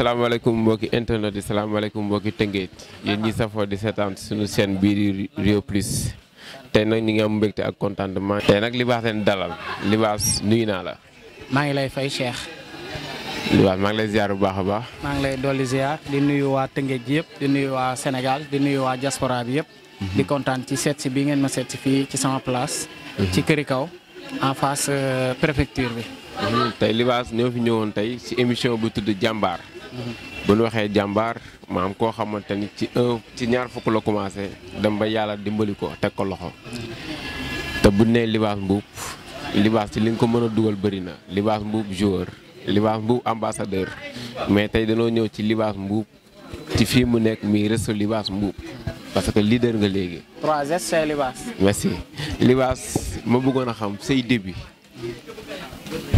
salaamaaleykum mbokki internet yi salaamaaleykum mbokki tëngeet yéen ñi safoo di seetaan suñu chaîne bii di Rio Plus tey nag ni ngi am mbégte ak contentement. tey nag Libaas leen dalal Libaas nuyu naa la. maa ngi lay fay Cheikh. Libaas maa ngi lay ziar bu baax a baax. maa ngi lay dolli ziar di nuyu waa Tëngeej yëpp di nuyu waa Sénégal di nuyu waa diaspora bi yëpp. Mhm. di kontaan ci seet si bii ngeen ma seet si fii ci sama place. Mhm. ci këri kaw en face euh, préfecture bi. Mhm. tey Libaas ñoo fi ñëwoon tey si émission bu tudd Jàmbaar. bu ñu waxee jàmbaar maam koo xamante ni ci un ci ñaar fukk la commencé dem ba yàlla dimbali ko teg ko loxo te bu nee libaas mbuub libaas ci li nga ko mën a dugal bëri na libaas mbuub joueur libaas mbuub ambassadeur mais tey danoo ñëw ci libaas mbuub ci fii mu nekk mi réseau libaas mbuub parce que leader nga léegi. 3S c'est libaas. merci libaas ma bëggoon a xam say début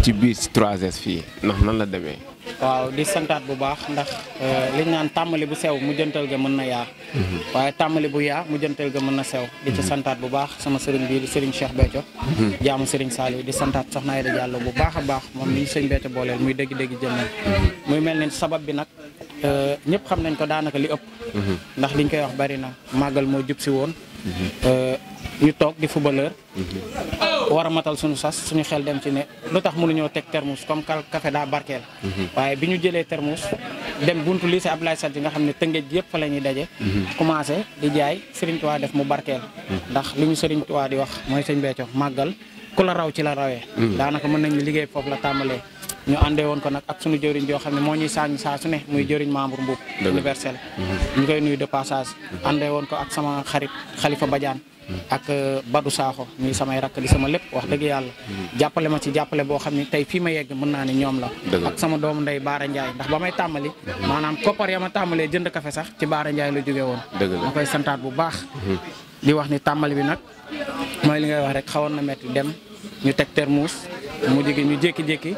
ci biir 3S fii ndax nan la demee. waaw di santaat bu baax ndax euh, liñ naan tàmbali bu sew mu jëntal ga mën na yaa mm-hmm. waaye tàmbali bu yaa mu jëntal ga mën na sew di ci mm-hmm. santaat bu baax sama sëriñ bi di sëriñ Cheikh Béthio mm-hmm. jaamu sëriñ Saliou di santaat soxna Aïda Diallo bu baax a baax moom ni ñu sëñ Béthio booleel muy dégg dégg jëmmam muy mel na sabab bi nag euh, ñëpp xam nañ ko daanaka li ëpp ndax liñ koy wax bari na màggal moo jub si woon Euh, ñu toog di footballeur mm-hmm. war a matal suñu sas suñu xel dem ci ne lu tax mënuñoo teg termus comme café daa barkeel mm-hmm. waaye bi ñu jëlee termus dem bunt buntu lycée Abdoulaye Sadji nga xam ne tëngéej yëpp fa la ñuy daje mm-hmm. commencé di jaay Serigne Touba def mu barkeel ndax li ñu Serigne Touba di wax mooy sañ Béthio màggal ku la raw ci la rawee daanaka mën nañu liggéey foofu la tàmbalee ñu àndee woon ko nag ak suñu jëriñ joo xam ne moo ñuy saañ saa su ne muy jëriñ membre mbuub universel mhm. ñu koy nuyu de passage àndee woon ko ak sama xarit xalifa Badiane mhm. ak euh, Badou Sakho ñuy samay rakk di sama lépp wax dëgg yàlla mhm. jàppale ma ci jàppale boo xam ni tey fii ma yegg mën naa ne ñoom la ak sama doomu ndey Baara Ndiaye ndax ba may tàmbali maanaam koppar ya a tàmbalee jënd kafe sax ci Baara Ndiaye la jóge woon ma koy santaat bu baax di wax ni tàmbali bi nag mooy li ngay wax rek xawoon na metti dem ñu teg termus mu jigi ñu jékki-jékki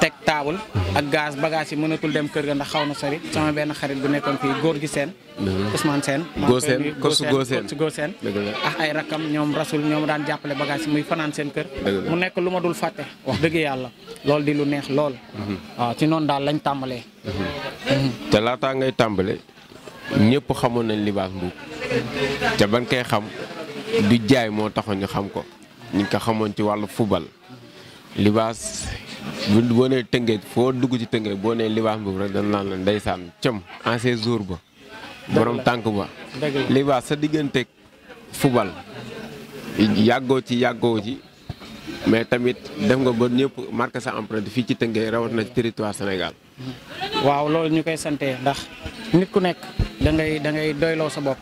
teg taabul ak gaz bagage yi mënatul dem kër ga ndax xaw na sori sama benn xarit bu nekkoon fii góor gi seen mhm. Ousmane Sène Góoseen Korsu Góoseen Korsu Góoseen ak ay rakam ñoom rasul ñoom daan jàppale bagage yi muy fanaan seen kër mu nekk lu ma dul fàtte wax dëgg yàlla loolu di lu neex lool mhm. waaw ci noonu daal lañu tàmbalee mhm. te laataa ngay tàmbale ñépp xamoon nañ Libaas Mbuub te ban koy xam du jaay moo taxoon ñu xam ko ñu ko xamoon ci wàllu fubal libaas bu boo nee tëngeej foo dugg ci tëngeej boo ne libaas boobu rek dañ naan la ndeysaan cëm ancien jour ba boroom tànk ba libaas sa digganteeg fubal yàggoo ci yàggoo ci mais tamit def nga ba ñépp marqué sa empreinte fii ci tëngeej rawat na ci territoire Sénégal waaw loolu ñu koy sante ndax nit ku nekk da ngay da ngay doyloo sa bopp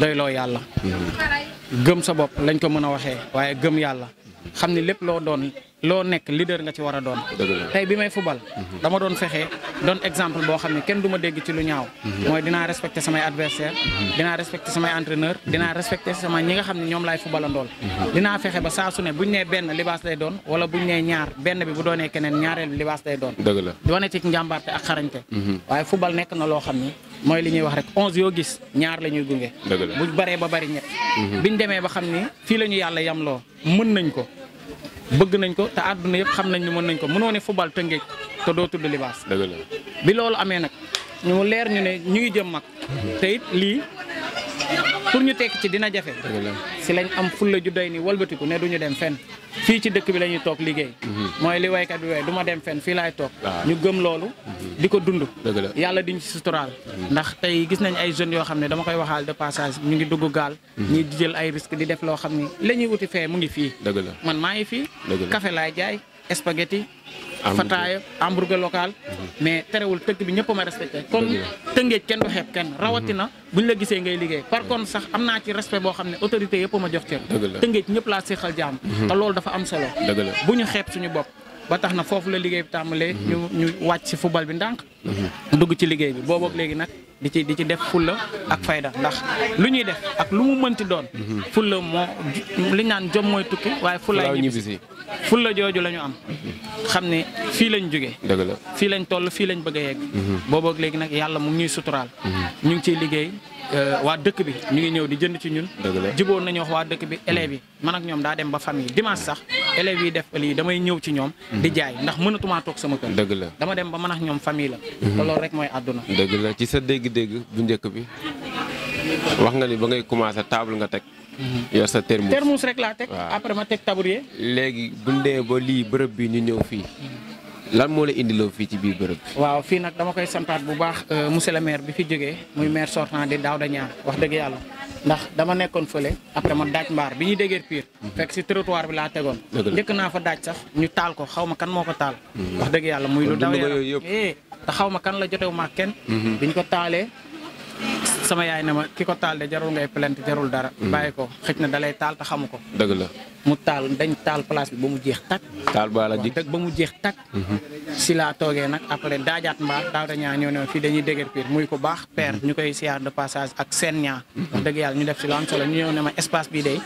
doyloo yàlla hmm. gëm sa bopp lañ ko mën a waxee waaye gëm yàlla xam ni lépp loo doon loo nekk leader nga ci war a doon tey bi may fubal dama doon fexe don exemple boo xam ne kenn du ma dégg ci lu ñaaw mhm. mooy dinaa respecté samay adversaire mhm. dinaa respecté samay entraîneur dinaa respecté sama ñi nga xam ne ñoom laay fubalandool mhm. dinaa fexe ba saa su ne buñ nee benn libaas lay doon wala buñ nee ñaar benn bi bu doonee keneen ñaareel bi libaas lay doon di wane ci njàmbaarte ak xarañte waaye fubal nekk na loo xam ni mooy li ñuy wax rek onze yoo gis ñaar la ñuy gunge bu baree ba bari ñett biñ demee ba xam ni fii la ñu yàlla yamloo mën nañ ko bëgg nañ ko te àdduna yëpp xam nañ ni mën nañ ko mënoone ne football tëngéej te doo tudd libaas. bi loolu amee nag ñu leer ñu ne ñuy jëm mag te lii pour ñu tekki ci dina jafe. si lañ am fulla ju doy ni walbatiku ne duñu dem fenn. fii ci dëkk bi la ñuy toog liggéey mhm. mooy li waykat bi way du ma dem fenn fii laay toog ah. ñu gëm loolu mhm. di ko dund yàlla diñ ci suturaal mhm. ndax tey gis nañ ay jeunes yoo xam ne dama koy waxaal de passage ñu ngi dugg gaal ñi di jël ay risque di def loo xam ne la ñuy wuti fee mu ngi fii man maa ngi fii kafe laay jaay spaghetti fataaya hamburger local mhm. mais terewul tëgg bi ñëpp ma respecté comme tëngeej kenn du xeeb kenn mhm. rawatina ñu la gisee ngay liggéey par mhm. contre sax am naa ci respect boo xam ne autorité yëpp a jox cër tëngeej ñëpp laa séexal jaam te loolu dafa am solo bu ñu xeeb suñu bopp ba tax na foofu la liggéey bi tàmbalee. ñu ñu wàcc ci football bi ndànk. dugg ci liggéey bi boobook léegi nag di ci di ci def fulla ak fayda ndax lu ñuy def ak lu mu mënti doon. fulla moo li naan jom mooy tukki waaye fullaay ñibbisi fulla jooju la ñu am. xam ne fii lañ jógee. dëgg la fii lañ toll fii lañ bëgg a yegg. Mhm. boobook léegi nag yàlla mu ngi ñuy suturaal. Mhm. ñu ciy liggéey. Euh, waa dëkk bi ñu ngi ñëw di jënd ci ñun jiboon nañu wax waa dëkk bi élèves yi man ak ñoom daa dem ba famille dimanche sax élèves yi def lii damay ñëw ci ñoom di mhm. jaay ndax mënatumaa toog sama kër dëgg la dama dem ba mën ak ñoom famille la te mhm. loolu mooy àdduna dëgg la ci sa dégg-dégg bu njëkk bi wax nga ni ba ngay commencé table nga teg mhm. yor sa termus termus rek laa teg après ma teg tabourier léegi bu ñu ba lii bërëb bi ñu ñëw fii lan moo la indiloo fii ci biir bërëb waaw fii nag dama koy santaat bu baax euh, monsieur le maire bi fi jógee muy maire sortant di Daouda Niang wax dëgg yàlla ndax dama nekkoon fële après ma daaj mbaar bi ñuy déggee piir mhm. fekk si trottoir bi laa tegoon. njëkk naa fa daaj sax ñu taal ko xaw ma kan moo ko taal. Mhm. wax dëgg yàlla muy lu daw yaram eh, te xaw ma kan la jotewu ma kenn. Mhm. bi ñu ko taalee. sama yaay ne ma ki ko taal de jarul ngay plainte jarul dara. bàyyi ko xëj na dalay taal te xamu ko. dëgg la mu taal dañ taal place ba mu jeex takk. taal ba la jig ba mu jeex takk. Mhm. si laa toogee nag après daajaat mbaa daawda ñaa ñoo ne fii dañuy dégër piir muy ko baax père mhm. ñu koy siyaar de passage ak seen ñaa. Mhm. wax dëgg yàlla ñu def si lu am solo ñu ñëw ne ma espace bi day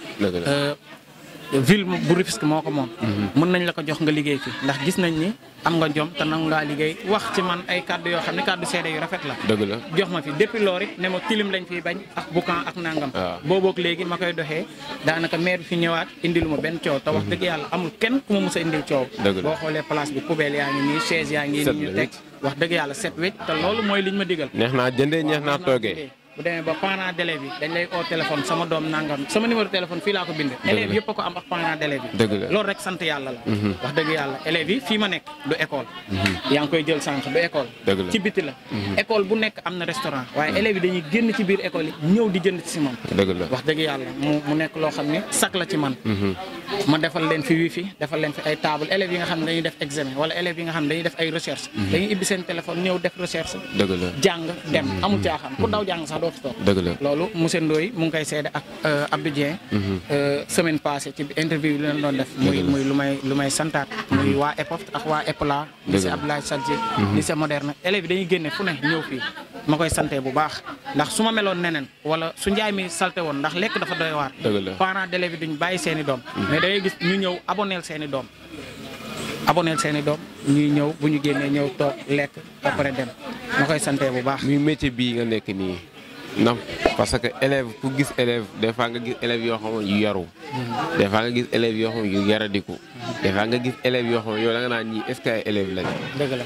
ville bu Rufisque moo ko moom. Mhm. mën nañ la ko jox nga liggéey fi ndax gis nañ ni am nga jom te nangu ngaa liggéey wax ci man ay kàddu yoo xam ne kàddu seede yu rafet la. dëgg la jox ma fi depuis loor ne ma tilim lañ fiy bañ ak boucan ak nangam. waaw ah. boobook léegi ma koy doxee daanaka maire bi fi ñëwaat indilu ma benn coow. te wax mhm. dëgg yàlla amul kenn ku ma mës a indil coow. dëgg la boo xoolee place bi poubelle yaa ngi nii chaise yaa ngi nii teg. wax dëgg yàlla set wecc te loolu mooy liñ ma digal. neex naa jëndee neex naa toogee bu demee ba parent d'élève yi dañ lay oo téléphone sama doom nangam sama numéro téléphone fii laa ko bind élèves yëpp a ko am ak parent d'élève yi loolu rek sant yàlla la mhm. wax dëgg yàlla élèves yi mhm. la mhm. école bu nekk am na restaurant waaye élèves yi dañuy génn ci biir école yi ñëw di jënd ci moom wax dëgg yàlla mu mu nekk loo xam ne sac la ci man ma defal leen fi fi defal leen fi ay table élèves yi nga xam ne dañu def examen wala élèves yi nga xam ne dañuy def ay recherche dañuy ibbi seen téléphone ñëw def recherche jàng dem amul caaxaan ku daw jàng dootu toog dëgg la loolu monsieur Ndoye mu ngi koy seede ak euh, Abdou Dieng mhm. euh, semaine passée ci interview li leen doon def muy lu may lu may santaat muy mhm. waa EPOFT ak waa EPLA lycée Abdoulaye Sadji lycée mhm. moderne élèves yi dañuy génne fu ne ñëw fii ma koy sante bu baax ndax su ma meloon neneen wala su njaay mi salte woon ndax lekk dafa doy waar parents d'élèves yi duñ bàyyi seen i doom mais dangay gis ñu ñëw aboneel seeni i doom aboneel seen i doom ñuy ñëw bu ñu génnee ñëw toog lekk ba dem ndax parce que élève ku gis élève des fois nga gis élèves yoo xam yu yoo xam yu yaradiku des fois nga da nga naan ñii est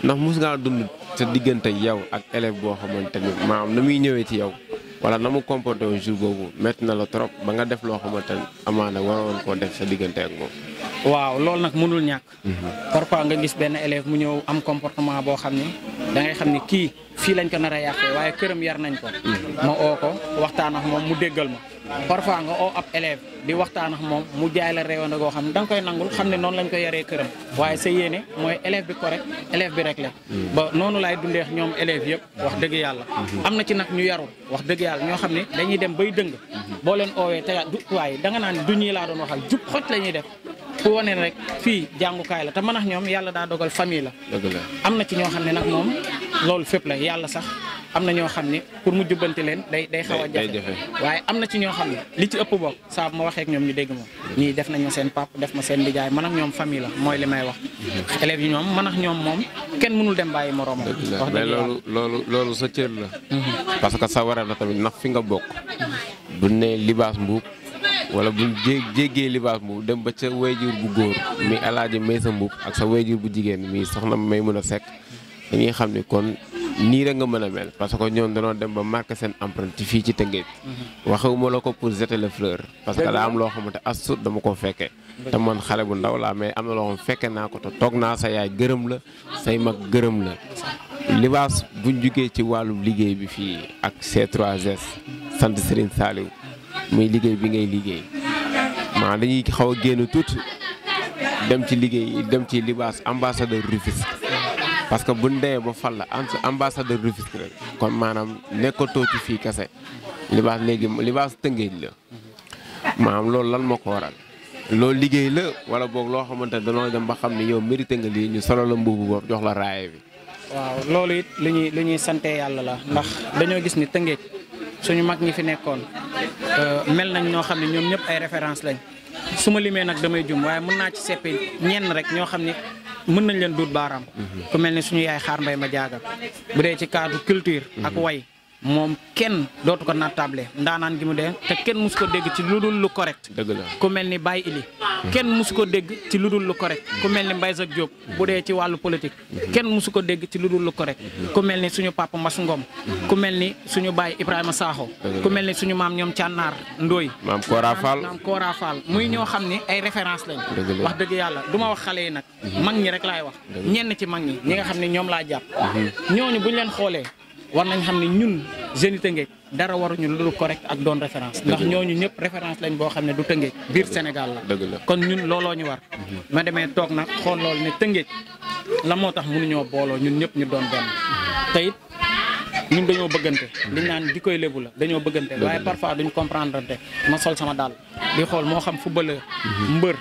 ngaa dund sa diggante yow ak élève boo xamante ni maanaam na muy ñëwee ci yow wala na mu comporté woon jour boobu métti na la trop ba nga def loo xamante ni amaana waroon koo def sa diggante ak moom waaw loolu nag mënul ñàkk mhm. parfois nga gis benn élève mu ñëw am comportement boo xam ne da ngay xam ni kii fii lañ ko nara a yàqee waaye këram yar nañ ko mm. ma oo ko waxtaan ak moom mu déggal ma parfois nga oo ab élève di waxtaan ak moom mu jaay la réew na goo xam ne danga koy nangul xam ne noonu lañ koy yaree këram waaye sa yéene mooy élève bi rek élève bi rek la ba noonu laay dundee ñoom élèves yëpp wax dëgg yàlla am na ci nag ñu yarul wax dëgg yàlla ñoo xam ne dañuy dem bay dëng boo leen oowee te du waaye da nga naan du ñii laa doon waxal jub xoj lañuy ñuy def fu wane rek fii jàngukaay la te mën nax ñoom yàlla daa dogal famille la am na ci ñoo xam ne nag moom loolu fépp la yàlla sax am na ñoo xam ne pour mu jubbanti leen day day xaw a jafe waaye am na ci ñoo xam ne li ci ëpp bokk saa ma waxee ak ñoom ñu dégg moom ñii def ma seen pap def ma seen lijaay man ak ñoom famille la mooy li may wax élèves yi ñoom man ak ñoom moom kenn mënul dem bàyyi moroomam wax dëgg loolu loolu loolu sa cër la mhm. parce que sa waral la tamit ndax fi nga bokk bu ne libaas mbuub wala bu jé jéggee libaas mbuub dem ba ca wayjur bu góor mi alaaji may sa mbuub ak sa wayjur bu jigéen mi soxna may mën a dañuy xam ni kon nii rek nga mën a mel parce que ñoom danoo dem ba marqué seen empreinte fii ci Tëngéej. Mm-hmm. waxewuma la ko pour jeter le fleur. parce que daa am loo xamante as tuut dama ko fekkee. te man xale bu ndaw laa mais am na loo xam fekke naa ko te toog naa sa yaay gërëm la say mag gërëm la. libaas buñ jugee ci wàllum liggéey bi fii ak C3S sant Serigne Saliou muy liggéey bi ngay liggéey maa dañuy xaw a génn tuuti dem ci liggéey dem ci libaas ambassadeur Rufisque parce que buñ demee ba fal la ambassadeur Rufisque rek kon maanaam nekkatoo ci fii kese libaas léegi libaas tëngéej la am loolu lan moo ko waral loolu liggéey la wala boog loo xamante ne dañoo dem ba xam ne yow mérité nga lii ñu solo la mbuubu boobu jox la raaye bi waaw loolu it li ñuy li ñuy sante yàlla la ndax dañoo gis ni tëngéej suñu mag ñi fi nekkoon euh, mel nañ ñoo xam ne ñoom ñëpp ay référence lañ su ma limee nag damay jum waaye mën naa ci seppi ñenn rek mën nañ leen duut baaraam mhm. ku mel ne suñu yaay xaar mbay ma jaaga bu dee ci cadre culture ak mhm. way moom kenn dootu ko nattable ndaanaan gi mu dee te kenn musu ko dégg ci lu dul lu correct. dëgg la ku mel ni Baye Ili. kenn musu ko dégg ci lu dul lu correct. ku mel ni Mbaye Jacques bu dee ci wàllu politique. kenn musu ko dégg ci lu dul lu correct. ku mel ni suñu papa Mass Ngom. ku mel ni suñu baay Ibrahima Sakho. ku mel ni suñu maam ñoom Cànnaar Ndooy. maam Kora Fall maam Kora muy ñoo xam ni ay référence lañ. wax dëgg yàlla duma wax xale yi nag. Mhm. mag ñi rek laay wax. ñenn ci mag ñi ñi nga xam ne ñoom laa jàpp. Mhm. ñooñu buñ leen xoolee. war nañ xam ne ñun jeunes yi dara waruñu lu correct ak doon référence ndax ñooñu ñëpp référence lañ boo xam ne du Tëngéej biir Sénégal la kon ñun looloo ñu war mhm. ma demee toog nag xool loolu ne Tëngéej la moo tax mu nu mënuñoo booloo ñun ñëpp ñu doon benn ñun dañoo bëggante liñ naan di koy lébu la dañoo bëggante waaye parfois duñ comprendre ma sol sama daal di xool moo xam footballeur mhm. mbër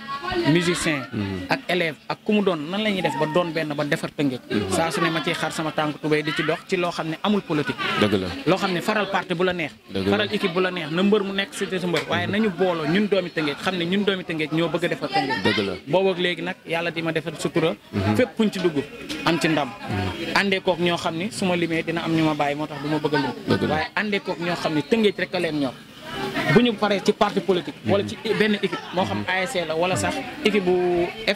musicien mhm. ak élève ak ku mu doon nan la ñuy def ba doon benn ba defar tëngëj mhm. saa su ne ma ciy xar sama tànk tubéy di ci dox ci loo xam ne amul politique dëgg la loo xam ne faral parti bu la neex faral équipe bu la neex na mbër mu nekk si sa mbër waaye nañu booloo ñun doomi tëngëj xam ne ñun doomi tëngëj ñoo bëgg a defar tëngëj dëgg la boobu ak di ma defar sutura fépp fuñ ci dugg am ci ndam moo tax du ma bëgg a lim waaye àndee kook ñoo xam ne tëngéej rek a leen ñor bu ñu paree ci parti politique wala ci mhm. benn équipe moo xam mhm. ASC la wala sax équipe bu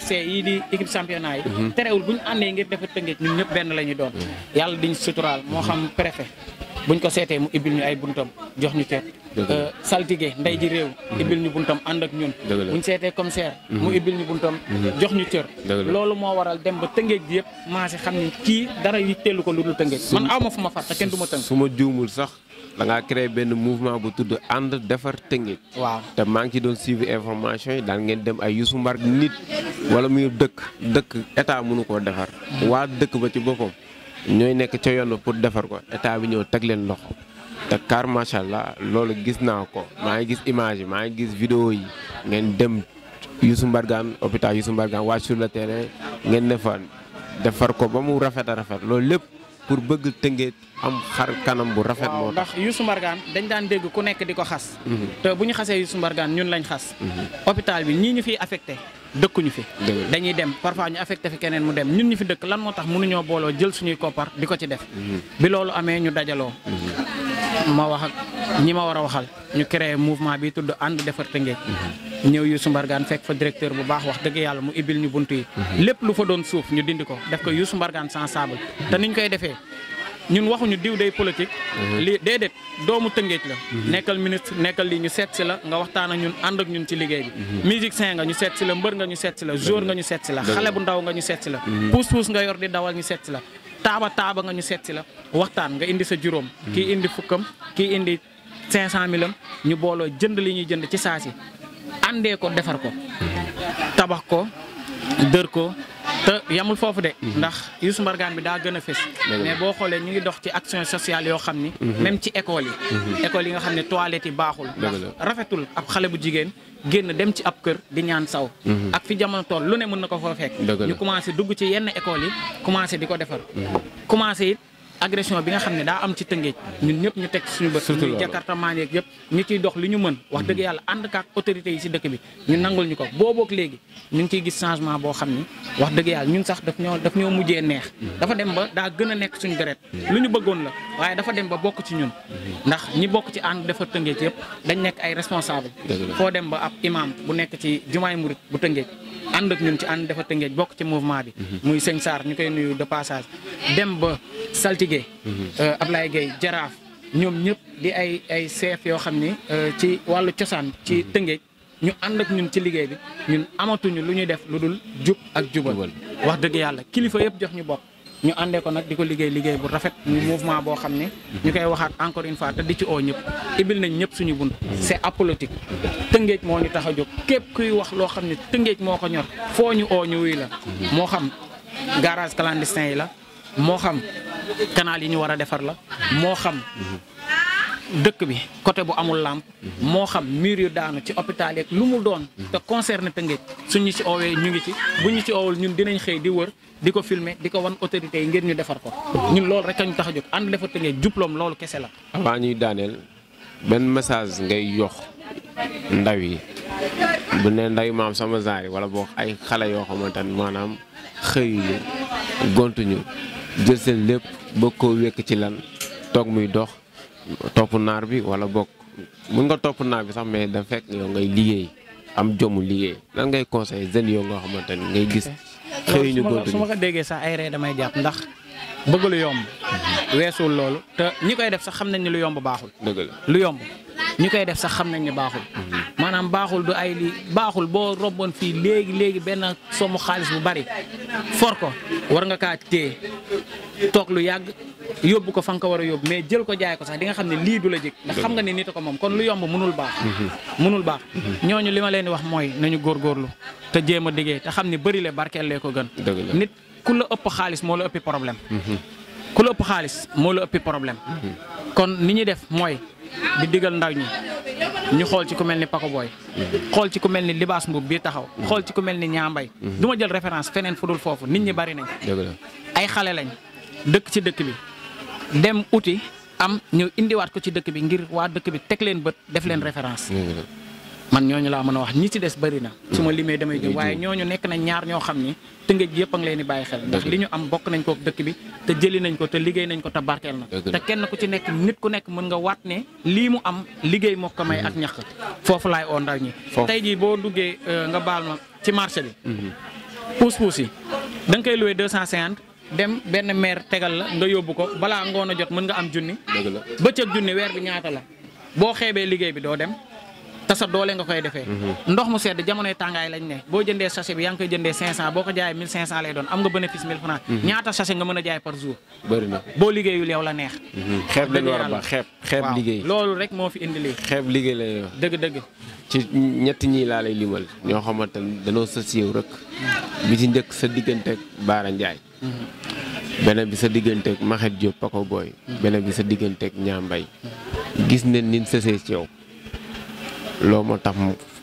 FC yi di équipe championnat yi mhm. terewul bu ñu àndee ngir defar tëngéej ñun ñëpp benn la ñu doon yàlla diñ suturaal moo xam préfet buñ ko seetee mu ibbil ñu ay buntam jox ñu teet Euh, saltige ndey ji réew mhm. ibil ñu buntam ànd ak ñun buñ seetee commissaire mhm. mu ibil ñu buntam mhm. jox ñu cër loolu moo waral dem ba tëngeej bi yëpp maa si xam ne kii dara yi tellu ko lu dul tëngeej man aw ma fu ma far te kenn du ma tëng su ma juumul sax danga ngaa benn mouvement bu tudd ànd defar tëngeej waaw te maa ngi ci doon suivre information yi daan ngeen dem ay Youssou Mbarr nit wala muy dëkk dëkk état mënu koo defar waa dëkk ba ci boppam ñooy nekk ca yoon pour defar ko état bi ñëw teg leen loxo te car macha allah loolu gis naa ko maa ngi gis image gis vidéo yi ngeen dem Youssou Mbargane hôpital Youssou Mbargane wàcc sur le terrain ngeen defar defar ko ba mu rafet a rafet loolu lépp pour bëgg tëngee am xar kanam bu rafet. moo tax ndax Youssou Mbargane dañ daan dégg ku nekk di ko xas. Mhm. te bu ñu xasee Youssou Mbargane ñun lañ xas. Mhm. hôpital bi ñii ñu fiy affecté. dëkkuñu fi dañuy dem parfois ñu affecté fi keneen mu dem ñun ñu fi dëkk lan moo tax mënuñoo booloo jël suñuy koppar di ko ci def mhm. bi loolu amee ñu dajaloo ma wax ñi ma war a waxal ñu créé mouvement bi tudd ànd defar Tëngéej ñëw Youssou Mbargane fekk fa directeur bu baax wax dëgg yàlla mu ibil ñu bunt yi lépp lu fa doon suuf ñu dindi ko def ko Youssou Mbargane sans sable te niñ koy defee ñun waxuñu diw day politique mhm. lii déedéet doomu Tëngéej la mhm. nekkal ministre nekkal lii ñu seet si la nga waxtaan a ñun ànd ak ñun ci liggéey bi mhm. musicien nga ñu seet si la mbër nga ñu seet si la joueur nga ñu seet si la xale bu ñu seet la puus puus nga ñu seet si la taaba taaba nga ñu seet si la waxtaan nga indi sa juróom. kii indi fukkam kii indi cinq cent mille ñu booloo jënd li ñuy jënd ci saa si àndee ko defar ko tabax ko dër ko. te yamul foofu de ndax Youssou Mbargane bi daa gën a fes mais boo xoolee ñu ngi dox ci action sociale yoo xam ni mhm. même ci école yi mhm. école yi nga xam ne toilette yi baaxul ndax rafetul ab xale bu jigéen génn dem ci ab kër di ñaan saw mhm. ak fi jamono tool lu ne mën na ko fa fekk ñu commencé dugg ci yenn école yi commencé di ko defar commencé it agression bi nga xam ne daa am ci tëngeej ñun ñëpp ñu teg suñu bët ñu jakartamaan yeeg yëpp ñu ciy dox li ñu mën wax dëgg yàlla ànd kaak autorités yi si dëkk bi ñu nangul ñu ko boobook léegi ñu ngi ciy gis changement boo xam ni wax dëgg yàlla ñun sax daf ñoo daf ñoo mujjee neex dafa dem ba daa gën a nekk suñu deret lu ñu bëggoon la waaye dafa dem ba bokk ci ñun ndax ñi bokk ci ànd dafa tëngeej yëpp dañ nekk ay responsable foo dem ba ab imam bu nekk ci jumaay murit bu tëngeej ànd ak ñun ci ànd dafa tëngeej bokk ci mouvement bi mhm. muy sëñ Sarr ñu koy nuyu de passage dem ba saltige mhm. euh, Ablaye Gueye jaraaf ñoom ñëpp di ay ay chef yoo xam ni euh, ci wàllu cosaan ci mhm. tëngeej ñu ànd ak ñun ci liggéey bi ñun amatuñu lu ñuy def lu dul jub ak jubal wax dëgg yàlla kilifa yëpp jox ñu bopp ñu àndee ko nag di ko liggéey liggéey bu rafet mu mouvement boo xam ne ñu koy waxaat encore une fois te di ci oo ñëpp ibil nañ ñëpp suñu bunt c'est apolotique tëngéej moo ñu tax a jóg képp kuy wax loo xam ne tëngéej moo ko ñor foo ñu oo ñu wuy la moo xam garage clandestin yi la moo xam kanaal yi ñu war a defar la moo xam dëkk bi côté bu amul làmp moo xam miir yu daanu ci hôpital lu mu doon te concerné Tëngéej suñu ci oowee ñu ngi ci bu ñu ci oowul ñun dinañ xëy di wër di ko filmer di ko wan autorités yi ngir ñu defar ko ñun loolu rek a ñu tax a jóg ànd defar Tëngéej jubloom loolu kese la. avant ñuy daaneel benn message ngay jox ndaw yi bu ne ndaw maam sama genre wala boo ay xale yoo xamante ne maanaam xëyuñu gontuñu jël seen lépp ba ko wékk ci lan toog muy dox. topp naar bi wala bokk mun nga topp naar bi sax mais da fekk yow ngay liggéey am jomu liggéey lan ngay conseil jeunes yow nga xamante ni ngay gis. xëy ñu góor su ma ko déggee sax ay ree damay jàpp ndax bëgg lu yomb. weesuwul loolu te ñi koy def sax xam nañ ni lu yomb baaxul. dëgg la lu yomb ñi koy def sax xam nañ ni baaxul. maanaam baaxul du ay lii baaxul boo robboon fii léegi léegi benn somu xaalis bu bari foor ko war nga kaa téye toog lu yàgg. yóbbu ko fa nga war a yóbbu mais jël ko jaay ko sax di nga xam ne lii du la jëkk ndax xam nga ne nit a ko moom kon lu yomb mënul baax mënul baax ñu li ma leen di wax mooy nañu góor góorgóorlu te jéem a diggee te xam ne bëri le barkeel lee ko gën nit ku la ëpp xaalis moo la ëppi problème ku la ëpp xaalis moo la ëppi problème kon ni ñuy def mooy di digal ndaw ñi ñu xool ci ku mel ni Paco Boy xool ci ku mel ni Libaas Mbuub bii taxaw xool ci ku mel ni ñaambay du ma jël référence feneen fu foofu nit ñi bari nañ ay xale lañ dëkk ci dëkk bi dem uti am ñu indiwaat ko ci dëkk bi ngir waa dëkk bi teg leen bët def leen mm-hmm. référence. Mm-hmm. man ñooñu laa mën a wax ñi ci des bëri na. su ma mm-hmm. limee damay jóg waaye ñoo ñu nekk na ñaar ñoo xam ni tëngëj yëpp a ngi leen di bàyyi xel. ndax li ñu am bokk nañ ko dëkk bi te jëli nañ ko te liggéey nañ ko te barkeel na. te kenn ku ci nekk nit ku nekk mën nga waat ne lii mu am liggéey moo ko may ak ñax. foofu laay oo ndaw ñi. tey ji boo duggee euh, nga baal ma ci marché bi. pousse pousse da nga koy loué deux cent dem benn maire tegal la nga yóbbu ko balaa ngoon a jot mën nga am junni. dëgg la bëccëg junni weer bi ñaata la boo xeebee liggéey bi doo dem. te sa doole nga koy defee mhm. ndox mu sedd jamonoy tàngaay lañ ne boo jëndee sachet bi yaa ngi koy jëndee 500 boo ko jaayee 1500 lay doon am nga bénéfice 1000 francs mhm. ñaata sachet nga mën a jaay par jour bëri na boo liggéeyul yow la neex mhm. xeeb lañ war a ba xeeb xeeb liggéey loolu rek moo fi indi lii xeeb la dëgg dëgg ci ñetti ñii laa lay limal ñoo xamante ne dañoo sës yow rek bi ci njëkk sa diggante ak Baara Ndiaye beneen bi sa diggante ak Maxet Diop Pako booy beneen bi sa diggante ak mbay gis ne nin sësee ci yow loolu moo tax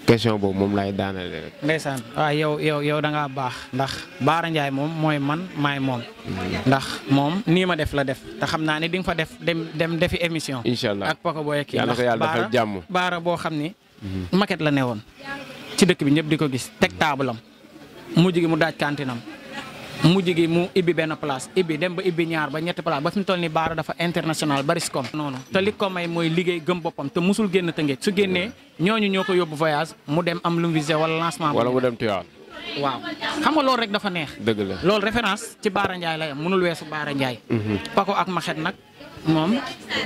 question boobu moom laay daanale rek. ndeysaan waaw yow yow yow da ngaa baax ndax Baara Ndiaye moom mooy man maay moom. Mm-hmm. ndax moom nii ma def la def te xam naa ne di nga fa def dem dem defi émission. incha allah ak Poko Boy kii ndax Baara Baara boo xam ni. Mm-hmm. maquette la ne woon ci dëkk bi ñëpp di ko gis teg taabalam mu gi mu daaj kantinam mujj gi mu ibbi benn place ibbi dem ba ibbi ñaar ba ñetti place ba fi toll ni baara dafa international baris kom noonu te li ko may mooy liggéey gëm boppam te musul génn tëngéej su génnee ñooñu ñoo ko yóbbu voyage mu dem am lu mu mu dem Tiwaawan waaw xam nga rek dafa neex dëgg la loolu référence ci Baara Ndiaye lay am mënul weesu Baara Ndiaye mhm. Paco ak Maxet nag moom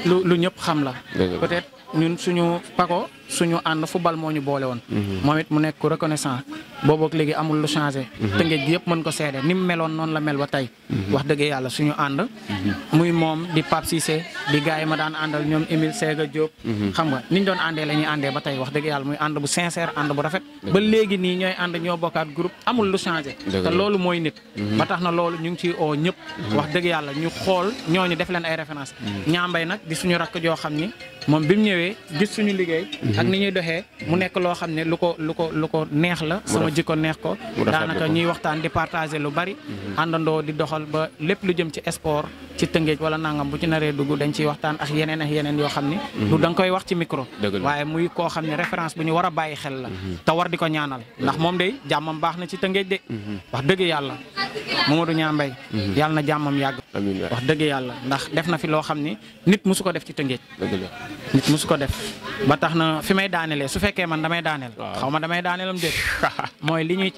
lu lu xam la peut-être ñun suñu Paco suñu ànd football moo ñu boole woon. Mhm. moom it mu nekk reconnaissant boobu ak léegi amul lu changé. Mhm. tëngéej gi yëpp ko seede ni mu meloon noonu la mel ba tey. Mhm. wax dëgg yàlla su ñu ànd. muy moom di Pape Cissé di gars yi ma daan àndal ñoom Émile Sega Diop. xam nga ni ñu doon àndee la ñuy àndee ba tey wax dëgg yàlla muy ànd bu sincère ànd bu rafet. ba léegi nii ñooy ànd ñoo bokkaat groupe amul lu changé. te loolu mooy nit. ba tax na loolu ñu ngi ciy oo ñëpp. wax dëgg yàlla ñu xool ñoo ñu def leen ay référence ñaambay nag di suñu rakk joo xam ni moom bi ñëwee gis suñu liggéey ak ni ñuy doxee mu nekk loo xam ne lu ko lu ko lu ko neex la sama jikko neex ko daanaka ñuy waxtaan di partager lu bari mhm. àndandoo di doxal ba lépp lu jëm ci sport ci tëngeej wala nangam bu ci naree dugg dañ ciy waxtaan ak yeneen ak yeneen yoo xam ni mhm. du da nga koy wax ci micro waaye muy koo xam ne référence bu ñu war a bàyyi xel la mhm. te war di ko ñaanal ndax moom day jàmmam baax na ci tëngeej de wax dëgg yàlla ma Mamadou Niang Mbaye mhm. yàlla na jàmmam yàgg wax dëgg yàlla ndax def na fi loo xam ni nit musu ko def ci tëngéej nit musu ko def ba tax na fi may daanelee su fekkee man damay daaneel xaw ma damay daaneelam déet mooy li ñuy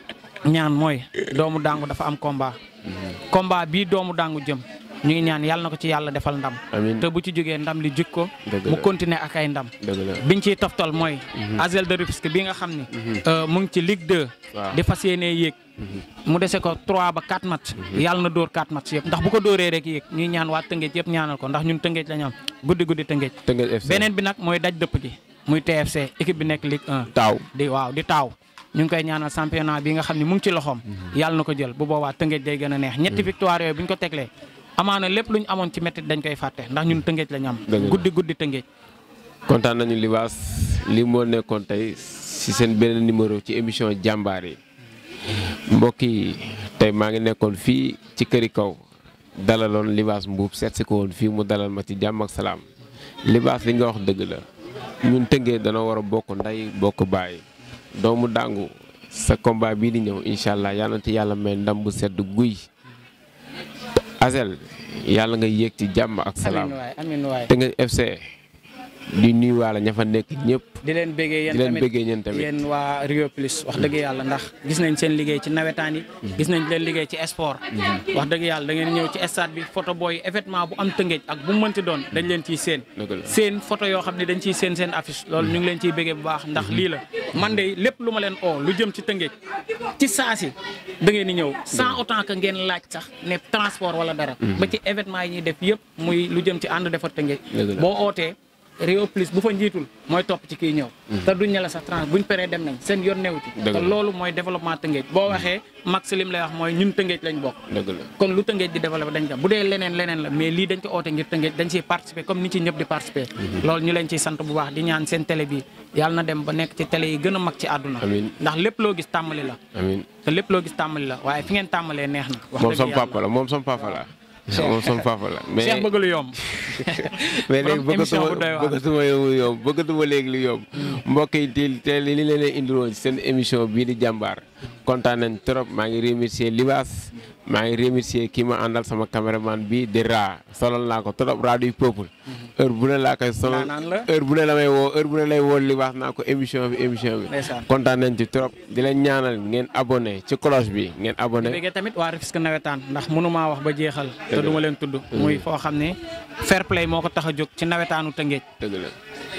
ñaan mooy doomu dangu dafa am combat mhm. combat bii doomu dangu jëm ñu ngi ñaan yàlla na ko ci yàlla defal ndam te bu ci jógee ndam li jik ko mu continuer ak ay ndam biñ ciy toftal mooy mhm. Asgel de Rufisque bi nga xam ni mhm. euh, mu ngi ci Ligue de di fas yéenee yéeg mhm. mu dese ko 3 ba 4 mat yàlla na dóor 4 mat yëpp ndax bu ko dóoree rek yéeg ñuy ñaan waa Tëngéej yëpp ñaanal ko ndax ñu Tëngéej la ñu am guddi guddi Tëngéej beneen bi nag mooy daj dëpp gi muy TFC équipe bi nekk Ligue 1 taaw di waaw di taaw ñu ngi koy ñaanal championnat bi nga xam ne mu ngi ci loxoom yàlla na ko jël bu boobaa Tëngéej gën a neex ñetti victoire ko teglee amaana lépp lu ñu amoon ci métti dañ koy fàtte ndax ñun tëngeej la ñu am. guddi guddi tëngeej. kontaan nañu Libaas li moo nekkoon tey si seen beneen numéro ci émission jàmbaar yi mbokk yi tey maa ngi nekkoon fii ci këri kaw dalaloon Libaas Mbuub seet si ko woon fii mu dalal ma ci jàmm ak salaam Libaas li nga wax dëgg la ñun tëngee dana war a bokk ndey bokk bàyyi doomu dàngu sa combat bii di ñëw incha allah yal ci yàlla may ndam bu sedd guy. Azel yàlla nga yéeg ci jàmm ak salaam te nga FC di nuyuwaale ña fa nekk ñëpp. di leen bëggee yéen tamit di leen bëggee ñeen tamit yéen waa Rio Plus wax dëgg yàlla ndax gis nañ seen liggéey ci nawetaan yi. Mm-hmm. gis nañ leen liggéey ci sport. Mm-hmm. wax dëgg yàlla dangeen ngeen ñëw ci stade bi photo booy événement bu am tëngéej ak bu mu mënti doon dañ leen ciy seen. seen photo yoo xam ne dañ ciy seen seen affiche loolu ñu ngi leen ciy bëggee bu baax ndax mm-hmm. lii la man de lépp lu ma leen o lu jëm ci tëngéej ci saasi da ngeen di ñëw sans autant que ngeen laaj sax ne transport wala dara. ba ci événement yi ñuy def yëpp muy lu jëm ci ànd defar tëngéej boo Rio Plus bu fa njiitul mooy topp ci kiy ñëw mhm. te duñ ne la sax trans buñ paree dem nañ seen yoon newu ci te loolu mooy développement Tëngéej boo mhm. waxee max lim lay wax mooy ñun Tëngéej lañ bokk kon lu Tëngéej di développé dañ ko bu dee leneen leneen la mais lii dañ ko oote ngir Tëngéej dañ ciy participer comme ni ci ñëpp di participer mhm. loolu ñu leen ciy sant bu baax di ñaan seen télé bi yàlla na dem ba nekk ci télé yi gën a mag ci àdduna ndax lépp loo gis tàmbali la lépp loo gis tàmbali la waaye fi ngeen tàmbalee neex na moom sama papa la moom sama papa la mais Cheikh bëgg lu yomb. mais léegi bëggatuma bëggatuma lu yomb bëggatuma léegi lu yomb. mbokk yi teel li leen leen indiloon seen émission bii di jàmbaar. kontaan nañ trop maa ngi remercier Libaas maa ngi remercier kii ma àndal sama caméraman bi di Ra solal naa ko trop Ra du Peuple. Mhm. heure bu ne laa koy solal heure bu ne la may woo heure bu ne lay woo Libaas naa ko émission bi émission bi. kontaan nañ ci trop di leen ñaanal ngeen abonné ci cloche bi ngeen abonné. bu tamit waa Rufisque nawetaan ndax mënumaa wax ba jeexal. te leen tudd. muy foo xam ne fair play moo ko tax a jóg ci nawetaanu Tëngéej.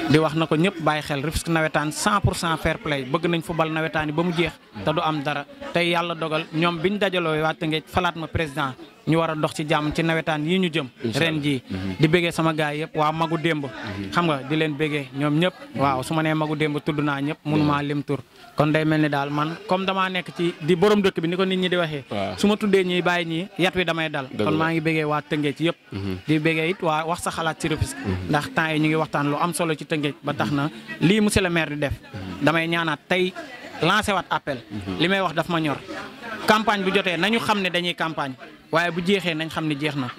di wax na ko ñëpp bàyyi xel Rufisque nawetaan 100 pour cent fair play bëgg nañ football nawetaan yi ba mu jeex te du am dara tey yàlla dogal ñoom bi ñu dajaloo waa Tëngéej falaat ma président ñu war a dox ci jàmm ci nawetaan yi ñu jëm ren jii mhm. di béggee sama gaay yëpp waa magu démb mhm. xam nga di leen béggee ñoom ñëpp mhm. waaw su ma nee magu démb tudd naa ñëpp mënumaa lim tur kon day mel ni daal man comme damaa nekk ci di borom dëkk bi ni ko nit ñi di waxee. su ma tuddee ñiy bàyyi ñii yat wi damay dal. kon maa ngi bëggee waa Tëngéej ci yëpp. Mhm. di bëggee it waa wax sa xalaat ci Rufisque. Mhm. ndax temps yi ñu ngi waxtaan lu am solo ci Tëngéej ba tax na lii mu monsieur le maire di def. Mhm. damay ñaanaat tey lancé waat appel. li may wax dafa ma ñor campagne bu jotee nañu xam ne dañuy campagne. waaye bu jeexee nañ xam ne jeex na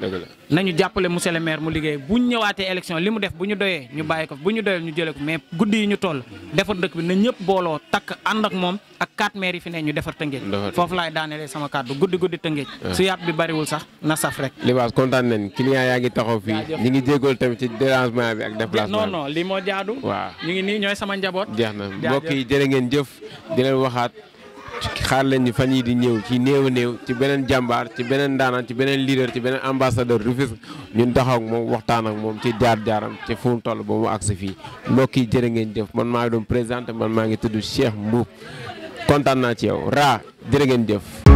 nañu jàppale monsieur le maire mu liggéey buñ ñëwaatee élection li mu def bu ñu doyee ñu bàyyi ko bu ñu doyee jëlee ko mais guddi yi ñu toll defar dëkk bi na ñëpp booloo takk ànd ak moom ak quatre maires yi fi ne ñu defar tëngeej foofu laay daaneele sama kàddu guddi guddi tëngeej su yàpp bi bariwul sax na saf rek libaas kontaan nañ client yaa ngi taxaw fii ñi ngi jégool tamit ci dérangement bi ak déplacement non non li moo jaadu waaw ñu ngi nii ñooy sama njaboot jeex na mbokk yi jërë ngeen jëf di leen waxaat xaar leen ni fan yii di ñëw ci néew a néew ci beneen jàmbaar ci beneen ndaanaan ci beneen leader ci beneen ambassadeur Rufisque ñun taxaw ak moom waxtaan ak moom ci jaar-jaaram ci fu toll ba mu agsi fii mbokk yi jërë ngeen jëf man maa ngi doon présenté man maa ngi tudd Cheikh Mboup kontaan naa ci yow Ra jërë ngeen jëf.